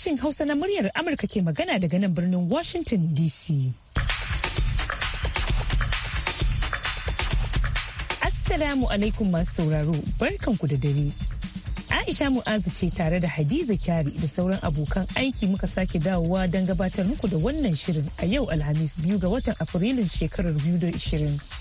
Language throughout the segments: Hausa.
sashen Hausa na muryar Amurka ke magana daga nan birnin Washington DC. Assalamu alaikum masu sauraro, barkanku da dare. Aisha Mu'azu ce tare da Hadiza Kyari da sauran abokan aiki muka sake dawowa don gabatar muku da wannan shirin a yau Alhamis biyu ga watan Afrilun shekarar 2020.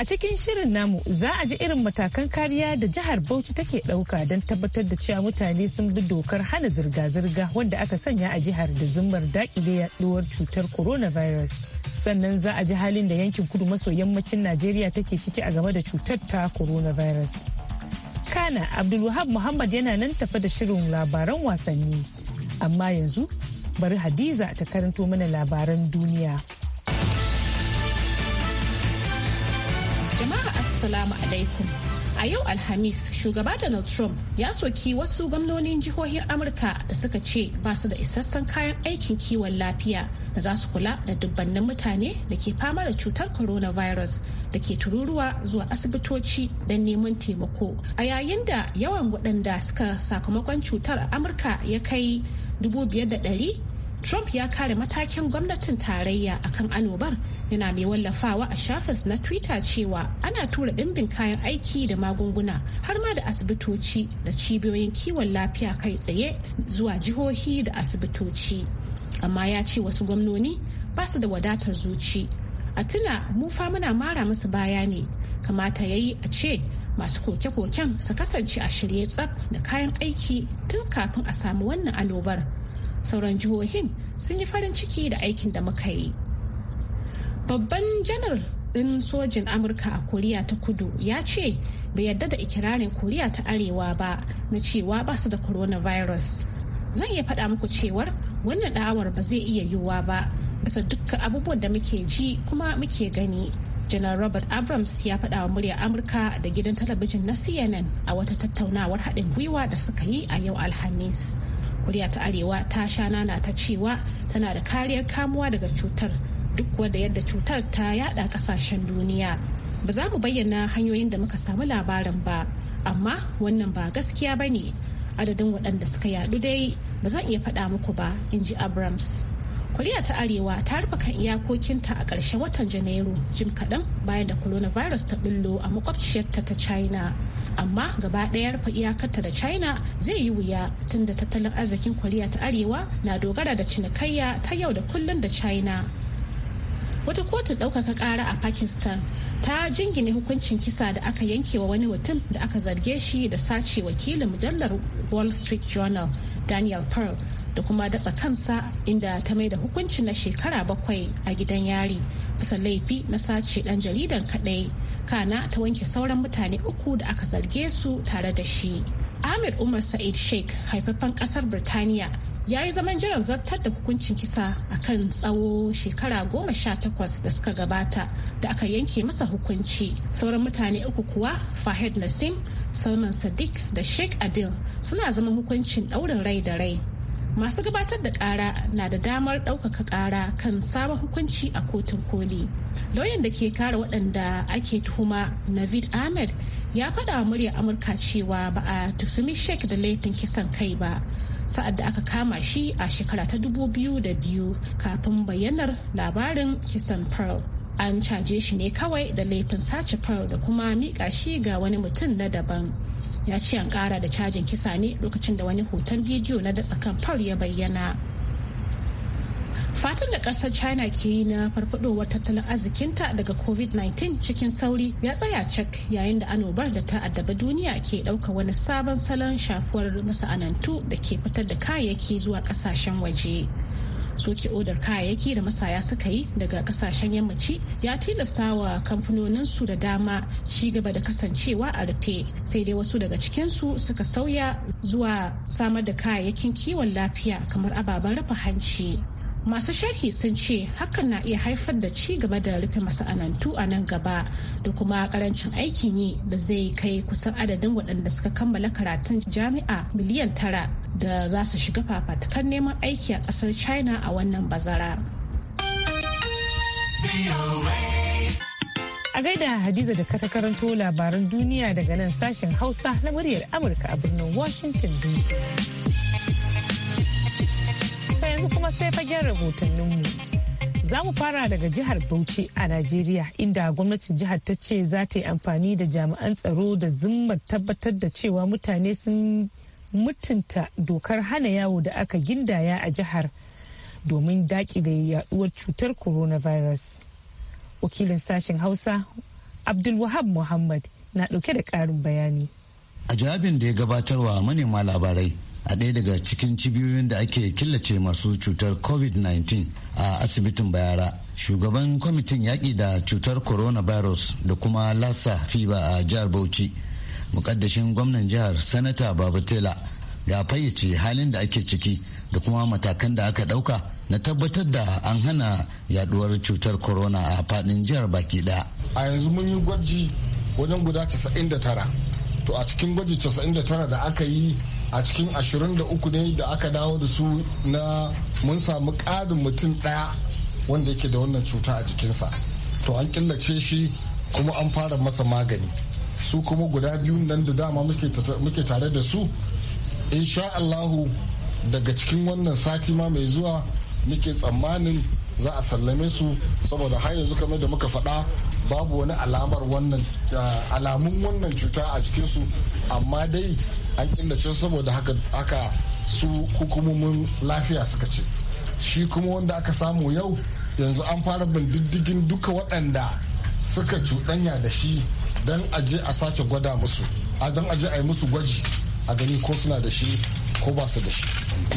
A cikin shirin namu za a ji irin matakan kariya da jihar Bauchi take ɗauka don tabbatar da cewa mutane sun bi dokar hana zirga-zirga wanda aka sanya a jihar da zumbar daƙile yaɗuwar cutar coronavirus. Sannan za a ji halin da yankin kudu maso yammacin Najeriya take ciki a game da cutar ta coronavirus. Kana Abdulwahab Muhammad yana nan tafa da shirin labaran wasanni. Amma yanzu bari Hadiza ta karanto mana labaran duniya. Jama'a Assalamu alaikum. A yau Alhamis, shugaba Donald Trump ya soki wasu gwamnonin jihohin Amurka da suka ce ba su da isassan kayan aikin kiwon lafiya da za su kula da dubbannin mutane da ke fama da cutar coronavirus da ke tururuwa zuwa asibitoci don neman taimako. A yayin da yawan waɗanda suka sakamakon cutar a Amurka ya kai 5,100, Trump ya kare matakin gwamnatin tarayya akan anobar. yana mai wallafawa a shafas na twitter cewa ana tura dimbin kayan aiki da magunguna har ma da asibitoci da cibiyoyin kiwon lafiya kai tsaye zuwa jihohi da asibitoci amma ya ce wasu gwamnoni ba su da wadatar zuci a tuna mu fa muna mara musu baya ne kamata ya yi a ce masu koke-koken su kasance a shirye tsab da kayan aiki tun kafin a samu wannan alobar sauran jihohin sun yi farin ciki da aikin da muka yi babban janar ɗin sojin amurka a koriya ta kudu ya ce bai yarda da ikirarin koriya ta arewa ba na cewa ba su da coronavirus zan iya faɗa muku cewar wannan da'awar ba zai iya yiwuwa ba bisa dukkan abubuwan da muke ji kuma muke gani janar robert abrams ya faɗa wa muryar amurka da gidan talabijin na cnn a wata tattaunawar haɗin gwiwa da suka yi a yau alhamis koriya ta arewa ta sha nana ta cewa tana da kariyar kamuwa daga cutar duk wanda yadda cutar ta yada kasashen duniya ba za mu bayyana hanyoyin da muka samu labarin ba amma wannan ba gaskiya ba ne adadin waɗanda suka yadu dai ba zan iya faɗa muku ba in ji abrams koriya ta arewa ta rufe kan iyakokinta a ƙarshen watan janairu jim kaɗan bayan da coronavirus ta ɓullo a makwabciyarta ta china amma gaba ɗaya rufe iyakarta da china zai yi wuya tunda tattalin arzikin koriya ta arewa na dogara da cinikayya ta yau da kullum da china wata kotun ɗaukaka ƙara a pakistan ta jingine hukuncin kisa da aka yanke wa wani mutum da aka zarge shi da sace wakilin mujallar wall street journal daniel pearl da kuma datsa kansa inda ta mai da hukuncin na shekara bakwai a gidan yari bisa laifi na sace ɗan jaridan kaɗai kana ta wanke sauran mutane uku da aka zarge su tare da shi ahmed umar sa'id sheikh haifaffen ƙasar birtaniya ya yi zaman jiran zartar da hukuncin kisa a kan tsawo shekara goma sha takwas da suka gabata da aka yanke masa hukunci sauran mutane uku kuwa fahid nasim salman sadiq da sheikh adil suna zama hukuncin ɗaurin rai da rai masu gabatar da kara na da damar ɗaukaka kara kan sabon hukunci a kotun koli lauyan da ke kare waɗanda ake tuhuma navid ahmed ya faɗa wa muryar amurka cewa ba a tuhumi shek da laifin kisan kai ba sa'ad da aka kama shi a shekara ta dubu biyu da biyu kafin bayyanar labarin kisan pearl an caje shi ne kawai da laifin sace pearl da kuma miƙa shi ga wani mutum na daban ya ce an ƙara da cajin kisa ne lokacin da wani hoton bidiyo na datsa kan pearl ya bayyana Fatan da kasar China ke yi na farfadowar tattalin arzikinta daga COVID-19 cikin sauri ya tsaya cak yayin da anobar da ta addaba duniya ke dauka wani sabon salon shafuwar masana'antu da ke fitar da kayayyaki zuwa kasashen waje. soke odar kayayyaki da masaya suka yi daga kasashen yammaci ya tilasta wa kamfanoninsu da dama ci gaba da kasancewa a rufe sai dai wasu daga cikinsu suka sauya zuwa samar da kayayyakin kiwon lafiya kamar ababen rufe hanci masu sharhi sun ce hakan na iya haifar da ci gaba da rufe masana'antu a nan gaba da kuma karancin aikin yi da zai kai kusan adadin waɗanda suka kammala karatun jami'a miliyan tara da za su shiga fafatukan neman aiki a ƙasar china a wannan bazara a gaida hadiza da ta karanto labaran duniya daga nan sashen hausa na muryar amurka a birnin washington dc sai fagen rahotanninmu. Za mu fara daga jihar Bauchi a Najeriya inda gwamnatin jihar ta ce za ta yi amfani da jami'an tsaro da zimmar tabbatar da cewa mutane sun mutunta dokar hana yawo da aka gindaya a jihar domin daƙi da yaduwar cutar coronavirus. Wakilin sashen Hausa, Abdulwahab Muhammad na ɗauke da ƙarin bayani. A jawabin da ya gabatarwa manema labarai. a ɗaya daga cikin cibiyoyin da ake killace masu cutar covid-19 a asibitin bayara shugaban kwamitin yaƙi da cutar coronavirus da kuma lassa fiba a jihar bauchi mukaddashin gwamnan jihar sanata babatela ya fayyace halin da ake ciki da kuma matakan da aka ɗauka na tabbatar da an hana yaduwar cutar corona a faɗin jihar baki ɗaya a yanzu mun yi gwaji wajen guda 99 to a cikin gwaji 99 da aka yi a cikin 23 ne da aka dawo da su na mun samu ƙarin mutum ɗaya wanda yake da wannan cuta a jikinsa to an killace shi kuma an fara masa magani su kuma guda biyu nan da dama muke tare da su insha allahu daga cikin wannan sati ma mai zuwa muke tsammanin za a sallame su saboda har yanzu kamar da muka faɗa babu wani alamar wannan ah, alamun wannan cuta a jikinsu amma dai an killace saboda haka aka su hukumomin lafiya suka ce shi kuma wanda aka samu yau yanzu an fara bin diddigin duka waɗanda suka cuɗanya da shi don aje a sake gwada musu a don aje a yi musu gwaji a gani ko suna da shi ko ba su da shi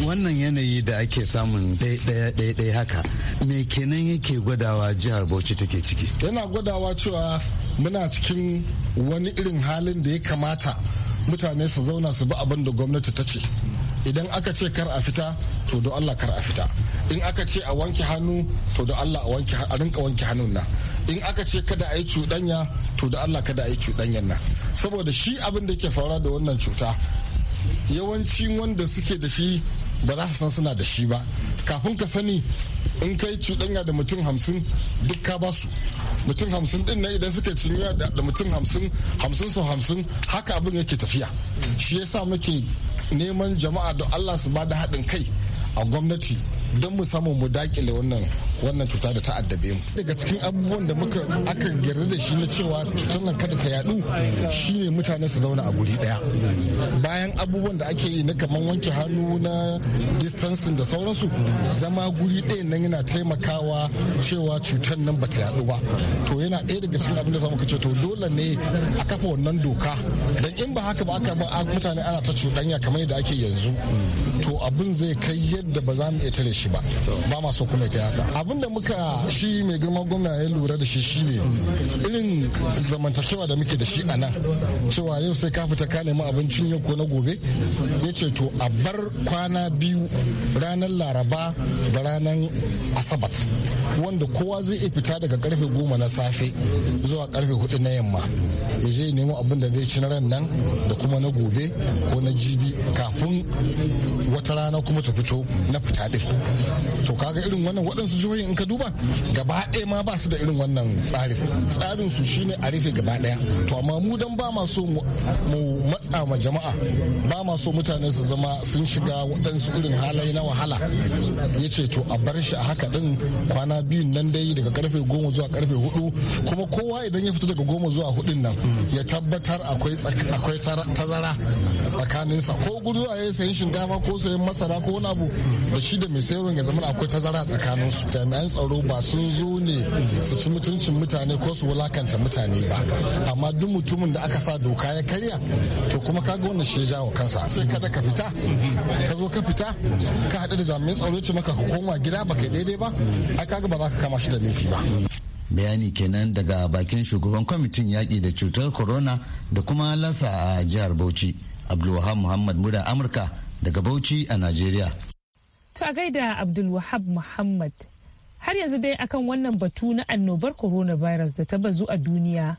wannan yanayi da ake samun ɗaya haka me kenan yake gwadawa jihar bauchi take ciki yana gwadawa cewa muna cikin wani irin halin da ya kamata mutane su zauna su bi abin da gwamnati ta ce idan aka ce kar a fita to do allah kar a fita in aka ce a wanke hannu to da allah a rinka wanke hannun na in aka ce kada a yi cuɗanya to da allah kada a yi cuɗanyan nan saboda shi abin da ke faruwa da wannan cuta yawancin wanda suke da shi ba za su san suna da shi ba kafin ka sani in kai cuɗanya da mutum hamsin duk ka ba su mutum hamsin din na idan suka cinya da mutum hamsin hamsin su hamsin haka abin yake tafiya shi yasa muke neman jama'a da allah su ba da haɗin kai a gwamnati don mu samu mu daƙile wannan wannan cuta da ta addabe mu daga cikin abubuwan da muka aka yarda da shi na cewa cutar nan kada ta yadu shine mutane su zauna a guri daya bayan abubuwan da ake yi na kaman wanke hannu na distancing da sauransu zama guri daya nan yana taimakawa cewa cutar nan ba ta yadu ba to yana ɗaya daga cikin abin da za mu ce to dole ne a kafa wannan doka dan in ba haka ba aka ba mutane ana ta cuɗanya kamar yadda ake yanzu to abin zai kai yadda ba za mu iya tare shi ba ba ma so kuma kai haka abin da muka shi mai girma gwamna ya lura da shi shine irin zamantakewa da muke da shi a nan cewa yau sai ka fita ka nemi abincin yau ko na gobe ya ce to a bar kwana biyu ranar laraba da ranar asabar wanda kowa zai iya fita daga karfe goma na safe zuwa karfe hudu na yamma ya je nemo abin da zai ci na ran nan da kuma na gobe ko na jibi kafin wata rana kuma ta fito na fita din to kaga irin wannan waɗansu jihohin in ka duba gaba ɗaya ma ba su da irin wannan tsarin tsarin su shine a rufe gaba ɗaya to amma mu dan ba ma so mu matsa ma jama'a ba ma so mutane su zama sun shiga waɗansu irin halaye na wahala ya ce to a bar shi a haka din kwana biyu biyun nan dai daga karfe goma zuwa karfe hudu kuma kowa idan ya fita daga goma zuwa hudun nan ya tabbatar akwai tazara tsakanin sa ko gudu a yi sayan shinkafa ko sayan masara ko wani abu da shi da mai sayarwa ya zama akwai tazara tsakanin su jami'an tsaro ba sun zo ne su ci mutuncin mutane ko su wulakanta mutane ba amma duk mutumin da aka sa doka ya karya to kuma ka ga wannan shi ya jawo kansa sai kada ka fita ka zo ka fita ka haɗu da jami'an tsaro ce maka ka koma gida ba kai daidai ba a kaga ba za ka kama shi da laifi ba bayani kenan daga bakin shugaban kwamitin yaƙi da cutar corona da kuma lasa a jihar bauchi abdulwahab muhammad muda amurka daga bauchi a nigeria. to a gaida abdulwahab muhammad har yanzu dai akan wannan batu na annobar coronavirus da ta bazu a duniya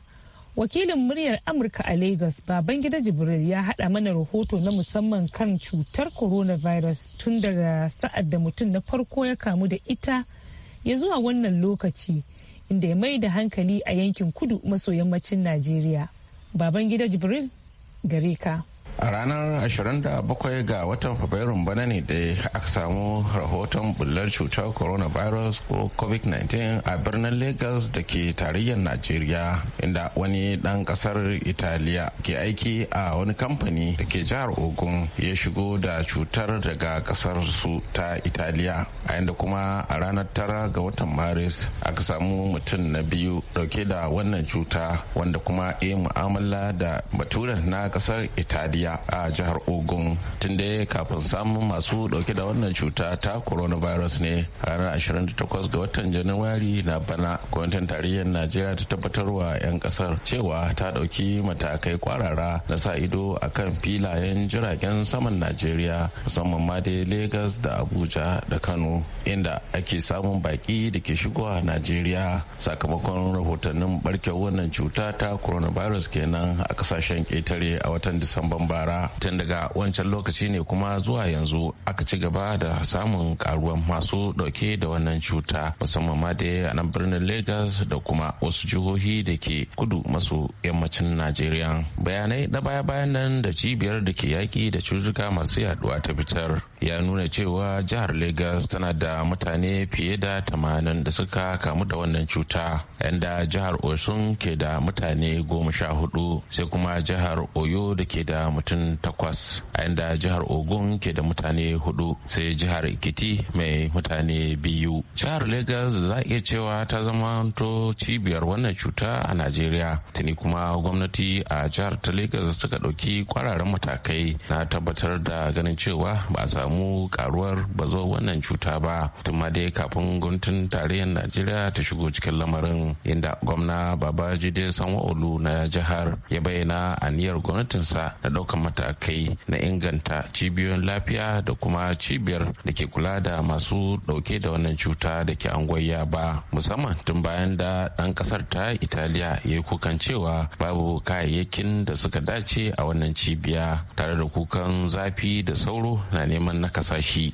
wakilin muryar amurka a lagos baban gida jibril ya hada mana rahoto na musamman kan cutar coronavirus tun daga sa'ad da mutum na farko ya kamu da ita ya zuwa wannan lokaci inda ya mai da hankali a yankin kudu maso yammacin najeriya baban gida jibril gare ka a ranar 27 ga watan Fabrairu bana ne da aka samu rahoton bullar cutar coronavirus ko covid-19 a birnin lagos da ke tarayyar najeriya inda wani dan kasar italiya ke aiki a wani kamfani da ke jihar ogun ya shigo da cutar daga kasar su ta italiya a yadda kuma a ranar tara ga watan maris aka samu mutum na biyu dauke da wannan cuta wanda kuma ya mu'amala da baturen na kasar italiya lafiya a jihar ogun tun da kafin samun masu dauke da wannan cuta ta coronavirus ne ranar 28 ga watan janairu na bana gwamnatin tarayyar najeriya ta tabbatarwa 'yan kasar cewa ta dauki matakai kwarara na sa ido a kan filayen jiragen saman najeriya musamman ma dai lagos da abuja da kano inda ake samun baki da ke shigowa najeriya sakamakon rahotannin barkewar wannan cuta ta coronavirus kenan a kasashen ketare a watan disamban bara tun daga wancan lokaci ne kuma zuwa yanzu aka ci gaba da samun karuwan masu dauke da wannan cuta musamman ma da a nan birnin lagos da kuma wasu jihohi da ke kudu masu yammacin najeriya bayanai na baya-bayan nan da cibiyar da ke yaki da cututtuka masu yaduwa ta fitar ya nuna cewa jihar lagos tana da mutane fiye da tamanin da suka kamu da wannan cuta yanda jihar osun ke da mutane goma sha hudu sai kuma jihar oyo da ke da mutane mutum takwas a inda jihar ogun ke da mutane hudu sai jihar ikiti mai mutane biyu jihar lagos za iya cewa ta zama to cibiyar wannan cuta a najeriya tuni kuma gwamnati a jihar ta lagos suka ɗauki kwararren matakai na tabbatar da ganin cewa ba a samu karuwar bazo wannan cuta ba tun dai kafin guntun tarayyar najeriya ta shigo cikin lamarin inda gwamna babajide sanwo na jihar ya bayyana niyyar gwamnatinsa na ɗaukar ɗaukan matakai na inganta cibiyoyin lafiya da kuma cibiyar da ke kula da masu ɗauke da wannan cuta da ke angwayya ba musamman tun bayan da ɗan kasar ta italiya ya yi kukan cewa babu kayayyakin da suka dace a wannan cibiya tare da kukan zafi da sauro na neman na kasashi.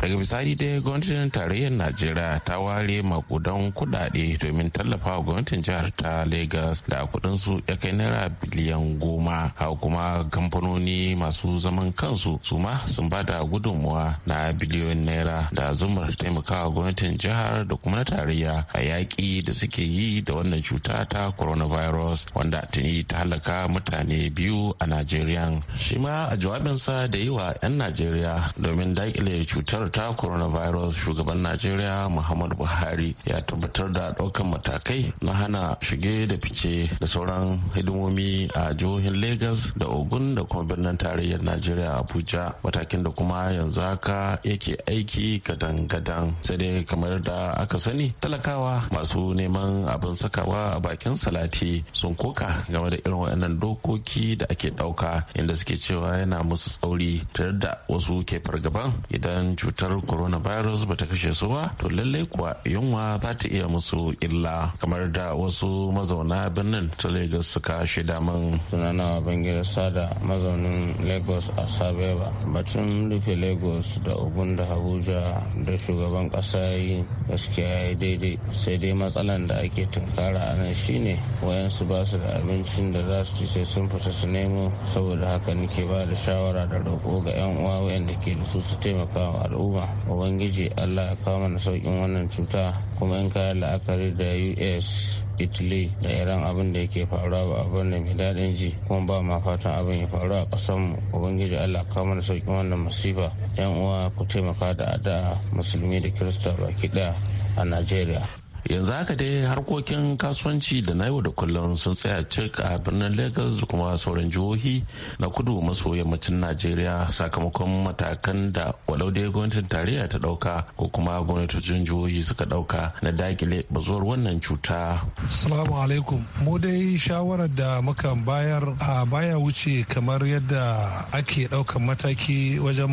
Daga bisani dai gwamnatin tarayyar Najeriya ta ware makudan kudade domin tallafa wa gwamnatin jihar ta Legas da kuɗin su ya kai naira biliyan goma. Haka kuma kamfanoni masu zaman kansu su ma sun ba da gudunmuwa na biliyon naira da zumar taimakawa gwamnatin jihar da kuma na tarayya a yaƙi da suke yi da wannan cuta ta coronavirus wanda tuni ta halaka mutane biyu a Najeriya. Shi ma a jawabinsa da yi wa 'yan Najeriya domin daƙile cutar ta coronavirus shugaban Najeriya Muhammadu Buhari ya tabbatar da ɗaukan mata matakai na hana shige da fice da sauran hidimomi a jihohin Legas da Ogun da kuma birnin tarayyar Najeriya Abuja matakin da kuma yanzu haka yake aiki gadan-gadan sai dai kamar da aka sani talakawa masu neman abin sakawa a bakin salati sun koka game da irin waɗannan dokoki da ake ɗauka inda suke cewa yana musu tsauri tare da wasu ke fargaban idan cutar coronavirus ba ta kashe su ba to lallai kuwa yunwa za ta iya musu illa kamar da wasu mazauna birnin ta lagos suka shaida man sunana babangida sada mazaunin lagos a sabeba batun rufe lagos da ogun da abuja da shugaban kasa yi gaskiya ya daidai sai dai matsalan da ake tunkara a nan shine wayansu ba su da abincin da za su ci sai sun fita su nemo saboda haka nake ba da shawara da roƙo ga 'yan uwa wayanda ke da su su taimaka wa al'umma ubangiji allah ya kawo mana sauƙin wannan cuta kuma in kayan la'akari da us italy da iran abin da yake faruwa ba abin da mai daɗin ji kuma ba ma fatan abin ya faru a mu ubangiji allah kama da sauƙin wannan masifa yan uwa ku taimaka da addu'a musulmi da kirista baki ɗaya a najeriya yanzu haka dai harkokin kasuwanci da na yau da kullum sun tsaya cik a birnin lagos da kuma sauran jihohi na kudu maso yammacin najeriya sakamakon matakan da walau dai gwamnatin tarayya ta dauka ko kuma gwamnatocin jihohi suka dauka na dakile bazuwar wannan cuta salamu alaikum mu dai shawarar da muka bayar a baya wuce kamar yadda ake daukan mataki wajen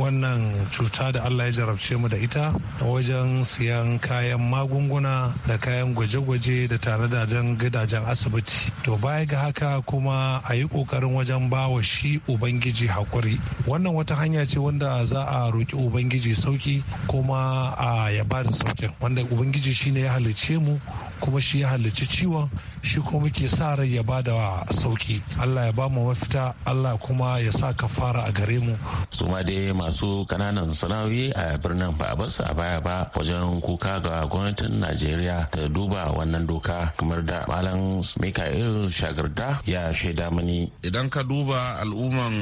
wannan cuta da allah ya jarabce mu da ita wajen siyan kayan magunguna magunguna da kayan gwaje-gwaje da tare da jan gidajen asibiti to baya ga haka kuma a yi kokarin wajen bawa shi ubangiji hakuri wannan wata hanya ce wanda za a roƙi ubangiji sauki kuma a ya ba da saukin wanda ubangiji shi ne ya halicce mu kuma shi ya halici ciwon shi kuma ke sa rai ya ba da sauki allah ya ba mu mafita allah kuma ya sa ka fara a gare mu su ma masu kananan sana'o'i a birnin ba a basu a baya ba wajen kuka ga gwamnatin najeriya najeriya ta duba wannan doka kamar da malam mikael shagarda ya shaida mani idan ka duba al'umman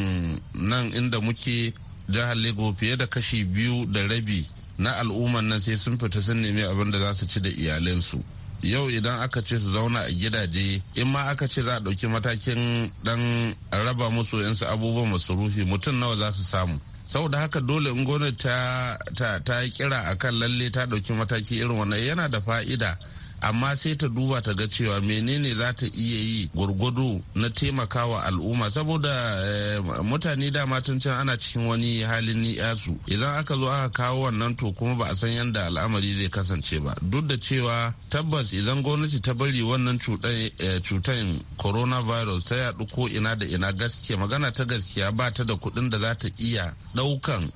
nan inda muke jihar lagos fiye da kashi biyu da rabi na al'umman nan sai sun fita sun nemi abin da za su ci da iyalansu yau idan aka ce su zauna a gidaje in ma aka ce za a ɗauki matakin ɗan raba musu yansu abubuwan masarufi mutum nawa za su samu saboda haka dole in gwamnati ta ta kira akan lalle ta dauki mataki irin wannan yana da fa'ida amma sai ta duba ta ga cewa menene za ta iya yi gwargwado na taimakawa al'umma saboda eh, mutane dama tun can ana cikin wani halin ni'yasu idan aka zo aka kawo wannan to kuma ba a san yadda al'amari zai kasance ba duk da cewa tabbas idan gwamnati ta bari wannan cutan eh, coronavirus ta yaɗu ko ina da ina gaskiya magana ta gaskiya ba ta da kuɗin da za ta iya ɗaukan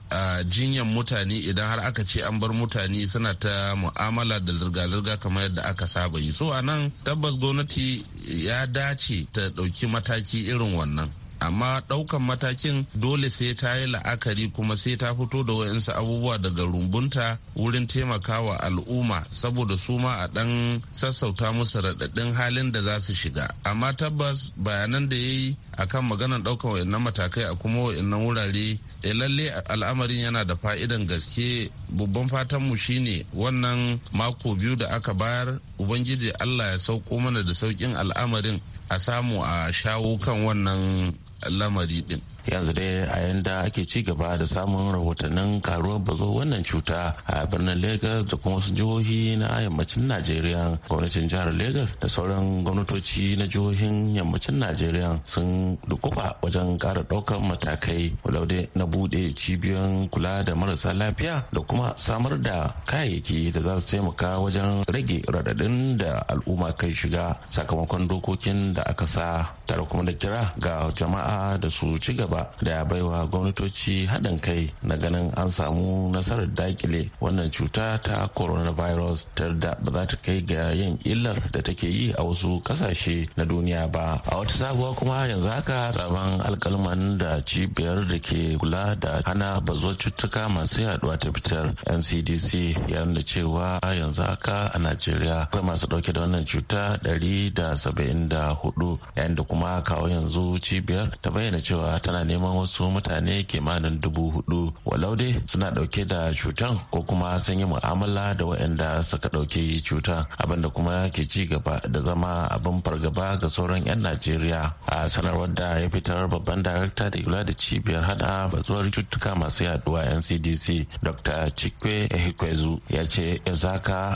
jinyan mutane idan har aka ce an bar mutane suna ta mu'amala da zirga-zirga kamar yadda aka saba yi so a nan tabbas gwamnati ya dace ta ɗauki mataki irin wannan amma ɗaukan matakin dole sai ta yi la'akari kuma sai ta fito da wayansu abubuwa daga rumbunta wurin taimakawa al'umma saboda su ma a ɗan sassauta musu raɗaɗɗin halin da za su shiga amma tabbas bayanan da ya yi kan maganar ɗaukan wayannan matakai a kuma wayannan wurare eh, lalle al'amarin yana da fa'idan gaske babban fatanmu shine wannan mako biyu da aka bayar ubangiji allah ya sauko mana da sauƙin al'amarin a samu a shawo kan wannan lamari din yanzu dai a yanda ake ci gaba da samun rahotannin karuwar bazo wannan cuta a birnin lagos da kuma wasu jihohi na yammacin najeriya gwamnatin jihar lagos da sauran gwamnatoci na jihohin yammacin najeriya sun dukuba wajen kara ɗaukar matakai walaude na bude cibiyoyin kula da marasa lafiya da kuma samar da kayayyaki da za su taimaka wajen rage raɗaɗin da al'umma kai shiga sakamakon dokokin da aka sa tare kuma da kira ga jama'a jama'a da su ci gaba da baiwa gwamnatoci haɗin kai na ganin an samu nasarar dakile wannan cuta ta coronavirus ta da ba za ta kai ga yin illar da take yi a wasu ƙasashe na duniya ba a wata sabuwa kuma yanzu haka tsaron alkalman da cibiyar da ke kula da hana bazuwar cutuka masu yaduwa ta fitar ncdc ya nuna cewa yanzu haka a najeriya akwai masu dauke da wannan cuta 174 yayin da kuma kawo yanzu cibiyar ta bayyana cewa tana neman wasu mutane kimanin dubu hudu walau dai suna dauke da cutan ko kuma sun yi mu'amala da waɗanda suka ɗauki cuta abinda kuma ke ci gaba da zama abin fargaba ga sauran 'yan najeriya a sanarwar da ya fitar babban darakta da kula da cibiyar hada batsuwar cututtuka masu yaduwa ncdc dr chikwe ehikwezu ya ce yanzu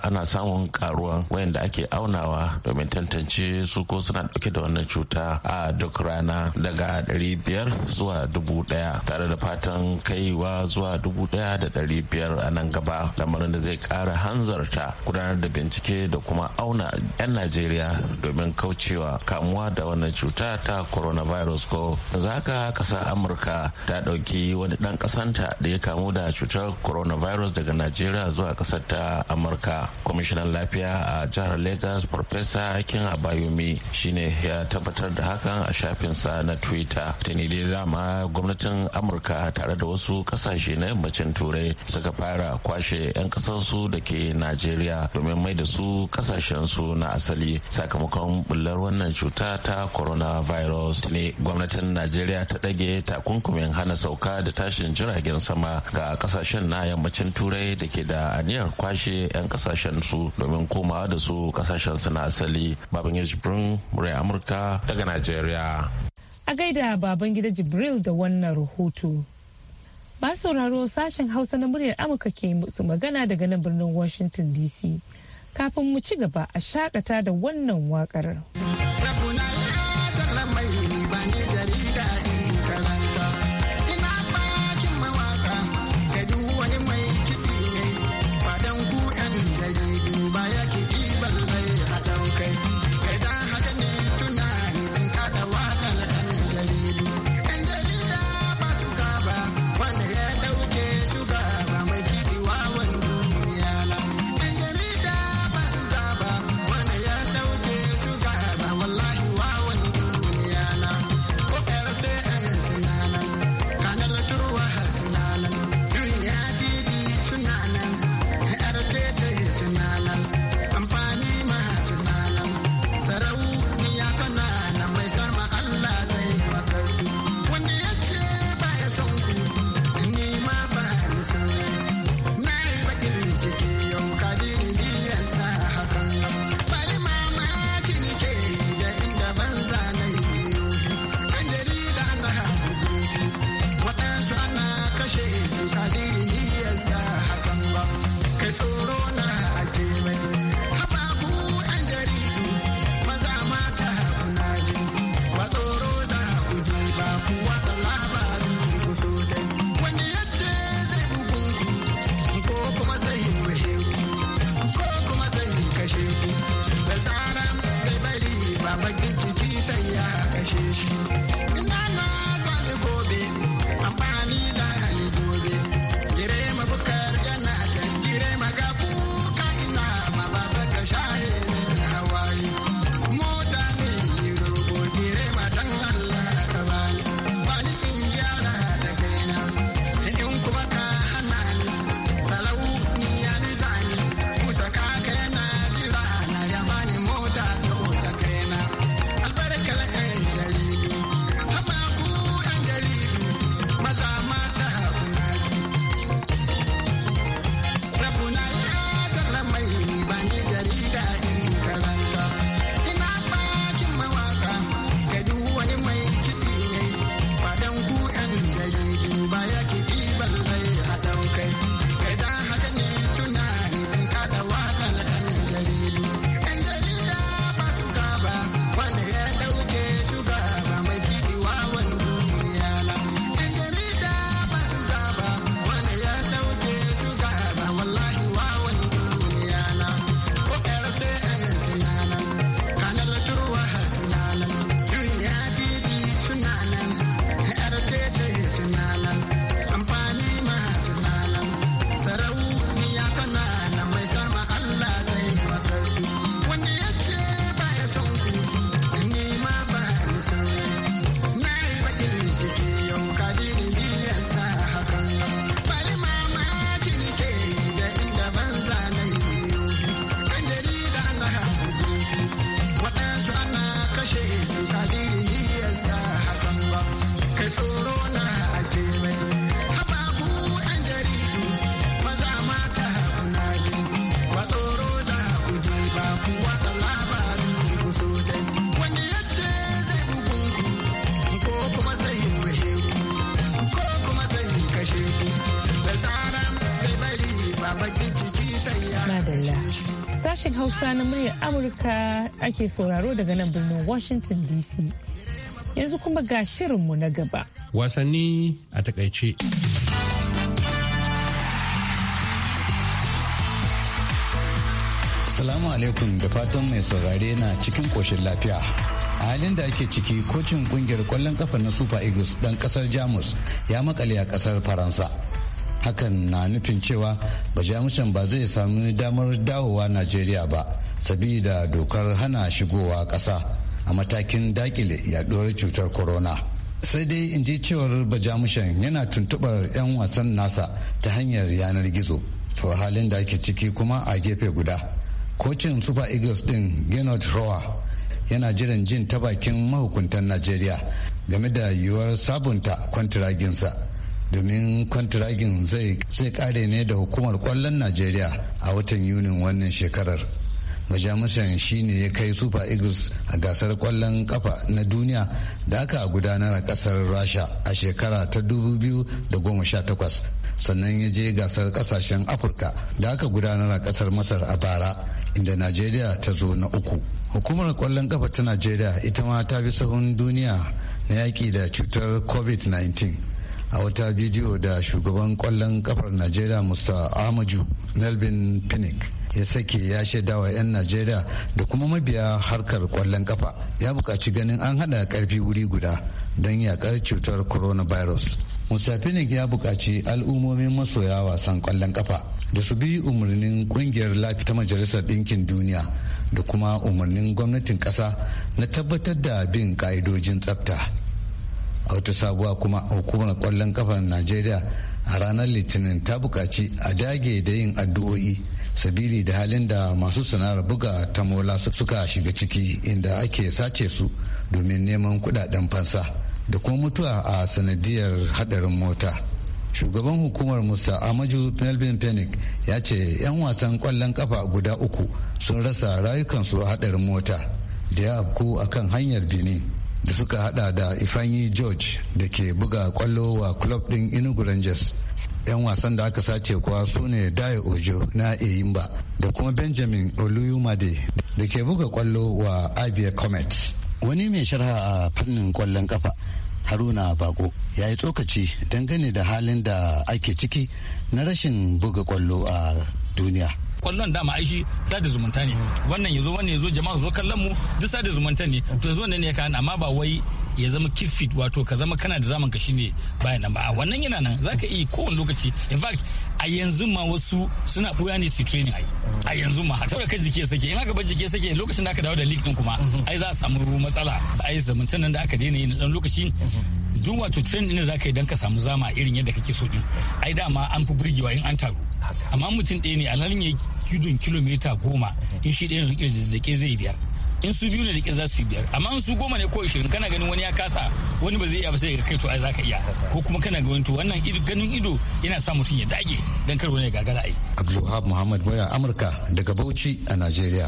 ana samun karuwan wayanda ake aunawa domin tantance su ko suna dauke da wannan cuta a duk rana daga daga 500 zuwa 1000 tare da fatan kaiwa zuwa 1500 a nan gaba lamarin da zai kara hanzarta gudanar da bincike da kuma auna 'yan najeriya domin kaucewa kamuwa da wannan cuta ta coronavirus ko za ka kasa amurka ta ɗauki wani ɗan ƙasanta da ya kamu da cutar coronavirus daga najeriya zuwa ƙasar ta amurka kwamishinan lafiya a jihar Legas farfesa kin abayomi shine ya tabbatar da hakan a shafinsa na twitter ita ta ne dama gwamnatin amurka tare da wasu kasashe na yammacin turai suka fara kwashe 'yan kasansu da ke najeriya domin mai da su kasashensu na asali sakamakon bullar wannan cuta ta coronavirus ne gwamnatin najeriya ta ɗage takunkumin hana sauka da tashin jiragen sama ga kasashen na yammacin turai da ke da aniyar kwashe 'yan kasashensu domin komawa da su kasashensu na asali babin yajibirin murai amurka daga najeriya a gaida baban gida jibril da wannan rahoto masu sauraro sashen hausa na muryar amurka ke su magana daga nan birnin washington dc kafin mu ci gaba a shakata da wannan wakar. ake sauraro daga nan birnin Washington DC. Yanzu kuma ga shirinmu na gaba. Wasanni a takaice. Salamu alaikum da fatan mai saurare na cikin koshin lafiya. a halin da ake ciki kocin kungiyar kwallon kafa na super eagles dan kasar jamus ya makale a kasar faransa hakan na nufin cewa ba jamusan ba zai sami damar dawowa najeriya ba sabida dokar hana shigowa ƙasa a matakin dakile yaduwar cutar corona sai dai in ji cewar bajamushan yana tuntubar 'yan wasan nasa ta hanyar yanar gizo to halin da ake ciki kuma a gefe guda kocin super eagles din gennard rowa yana jiran jin ta bakin mahukuntan najeriya game da yiwuwar sabunta kwantiraginsa domin kwantiragin zai kare ne da hukumar kwallon najeriya a watan yunin wannan shekarar shi shine ya kai super eagles a gasar kwallon kafa na duniya da aka gudanar a kasar rasha a shekara ta 2018 sannan ya je gasar kasashen afirka da aka gudanar a kasar masar a bara inda najeriya ta zo na uku hukumar kwallon kafa ta najeriya ita ma ta bi sahun duniya na yaƙi da cutar covid-19 a wata bidiyo da shugaban kwallon kafar najeriya mr amaju melvin pinnick ya sake ya wa 'yan najeriya da kuma mabiya harkar kwallon kafa ya buƙaci ganin an haɗa ƙarfi wuri guda don yaƙar cutar coronavirus finnick ya buƙaci al'ummomin masoya wasan kwallon kafa da su bi umarnin ƙungiyar lafiya ta majalisar ɗinkin duniya da kuma umarnin gwamnatin ƙasa na tabbatar da bin ƙa'idojin tsafta a wata sabuwa kuma hukumar kwallon kafar najeriya a ranar litinin ta buƙaci a dage da yin addu'o'i sabili da halin da masu sana'ar buga ta mola suka shiga ciki inda ake sace su domin neman kudaden fansa da kuma mutuwa a sanadiyar hadarin mota shugaban hukumar musta amaju melvin penick ya ce 'yan wasan kwallon kafa guda uku sun rasa rayukansu a hadarin mota da ya afku a kan hanyar benin da suka hada da ifanyi george da ke buga kwallo wa club din inugu rangers 'yan wasan da aka sace kuwa su ne Dayo Ojo na Eyimba da kuma Benjamin Oluyumade da ke buga kwallo wa Abia Comet. Wani mai sharha a fannin kwallon kafa Haruna Bako ya yi tsokaci dangane da halin da ake ciki na rashin buga kwallo a duniya. kwallon dama aishi sa sada zumunta ne wannan yazo wannan yazo jama'a zo kallon mu duk sada zumunta ne to yazo ne ya kana amma ba wai ya zama kifit wato ka zama kana da zaman ka shine bayan nan ba a wannan yana nan zaka iya kowane lokaci in fact a yanzu ma wasu suna buya ne su training ai a yanzu ma har kai jiki ya sake in aka bar jiki ya sake lokacin da aka dawo da league din kuma mhm. ai za a samu matsala ai zamantan nan da aka daina yi na dan lokaci mhm. duk wato training ne zaka yi dan ka samu zama irin yadda kake so din ai dama an fi burgewa in an taru amma mutum ɗaya ne alhalin ya gudun kilomita goma in shi ɗaya da zai biyar in su biyu ne da ke za su biyar amma in su goma ne ko ishirin kana ganin wani ya kasa wani ba zai iya ba sai ga kai to ai zaka iya ko kuma kana ganin to wannan ganin ido yana sa mutum ya dage dan kar wani ya gagara ai Abdulwahab Muhammad Boya Amurka daga Bauchi a Najeriya.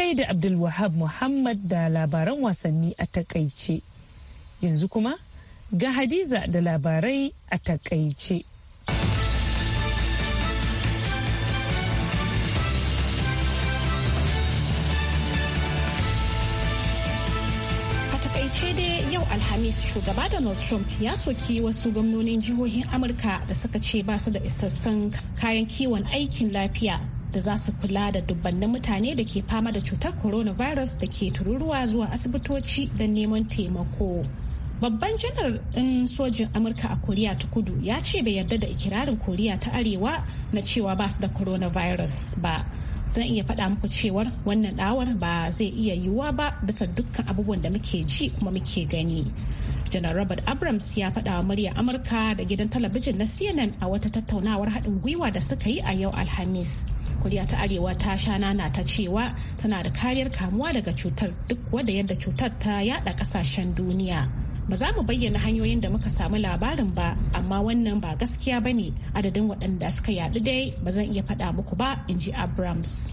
kai da Abdulwahab Muhammad da labaran wasanni a takaice. Yanzu kuma ga Hadiza da labarai a takaice. takaice yau alhamis shugaba donald trump ya soki wasu gwamnonin jihohin amurka da suka ce ba su da isassun kayan kiwon aikin lafiya da za su kula da dubbannin mutane da ke fama da cutar coronavirus da ke tururuwa zuwa asibitoci da neman taimako. Babban janar ɗin sojin Amurka a Koriya ta kudu ya ce bai yarda da ikirarin Koriya ta Arewa na cewa ba su da coronavirus ba. Zan iya faɗa muku cewar wannan ɗawar ba zai iya yiwuwa ba bisa dukkan abubuwan da muke ji kuma muke gani. janar robert abrams ya faɗa wa murya amurka da gidan talabijin na cnn a wata tattaunawar haɗin gwiwa da suka yi a yau alhamis kuriya ta arewa ta shana na ta cewa tana da kariyar kamuwa daga cutar duk wadda yadda cutar ta yada kasashen duniya ba za mu bayyana hanyoyin da muka samu labarin ba amma wannan ba gaskiya ba ne adadin waɗanda suka yadu dai ba zan iya faɗa muku ba in ji abrams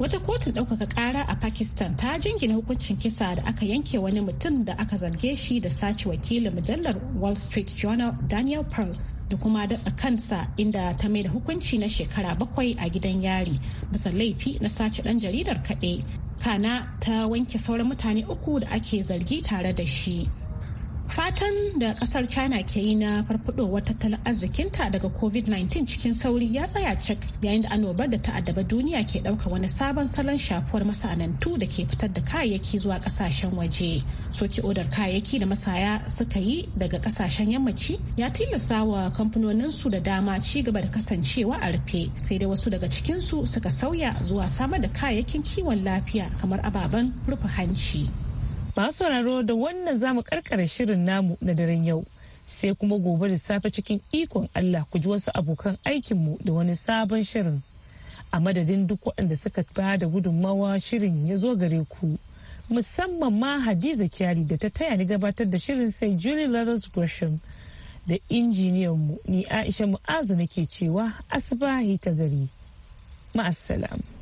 wata kotun ɗaukaka ƙara a pakistan ta jingina hukuncin kisa da aka yanke wani mutum da aka zarge shi da sace wakilin mujallar wall street journal daniel pearl da kuma datsa kansa inda ta mai da hukunci na shekara bakwai a gidan yari bisa laifi na sace ɗan jaridar kaɗe kana ta wanke sauran mutane uku da ake zargi tare da shi Fatan da kasar China ke yi na farfadowar tattalin arzikinta daga COVID-19 cikin sauri ya tsaya cik yayin da annobar da ta addaba duniya ke dauka wani sabon salon shafuwar masana'antu da ke fitar da kayayyaki zuwa kasashen waje. Soke odar kayayyaki da masaya suka yi daga kasashen yammaci ya tilasta wa kamfanonin su da dama ci gaba da kasancewa a rufe sai dai wasu daga cikinsu suka sauya zuwa samar da kayayyakin kiwon lafiya kamar ababen rufe hanci. Masu sauraro da wannan zamu karkara shirin namu na daren yau. Sai kuma gobe da safe cikin ikon Allah ku ji wasu abokan aikinmu da wani sabon shirin. A madadin duk waɗanda suka ba da gudunmawa shirin ya zo gare ku. Musamman ma Hadiza Kyari da ta taya ni gabatar da shirin sai Julie Leathers Gresham da injiniyanmu ni Aisha Mu'azu nake cewa asibahi ta gari. Ma'assalam.